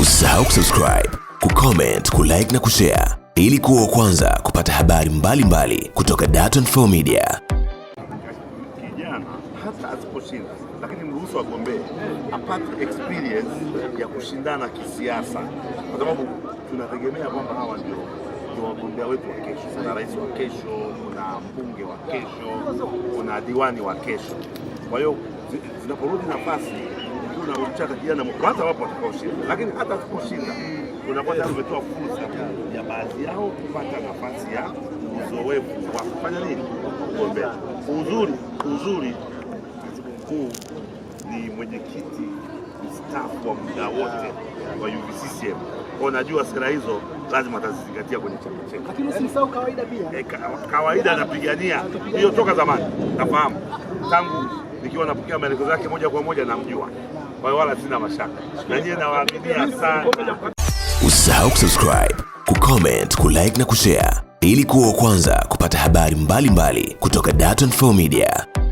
Usisahau kusubscribe, kucomment, kulike na kushare ili kuwa wa kwanza kupata habari mbalimbali mbali kutoka Dar24 Media. Kijana hata asiposhinda, lakini mruhusu agombee apate experience ya kushindana kisiasa, kwa sababu tunategemea kwamba hawa ndio ndio wagombea wetu wa kesho. Kuna rais wa kesho, kuna mbunge wa kesho, kuna diwani wa kesho. Kwa hiyo zinaporudi nafasi hakuna mchaka kijana kwanza, wapo watakaoshinda, lakini hata tukushinda tunapata tumetoa fursa ya baadhi yao kupata nafasi ya uzoefu wa kufanya nini, kugombea. Uzuri uzuri kuu ni mwenyekiti mstaafu wa muda wote wa UVCCM, kwa najua sera hizo lazima atazizingatia kwenye chama chetu, lakini usisahau kawaida pia. E, kawaida anapigania hiyo toka zamani, nafahamu tangu nikiwa napokea maelekezo yake moja kwa moja, namjua, kwa hiyo wala sina mashaka na nyie, nawaaminia sana. Usisahau kusubscribe, kucomment, kulike na kushare ili kuwa wa kwanza kupata habari mbalimbali mbali kutoka Dar24 Media.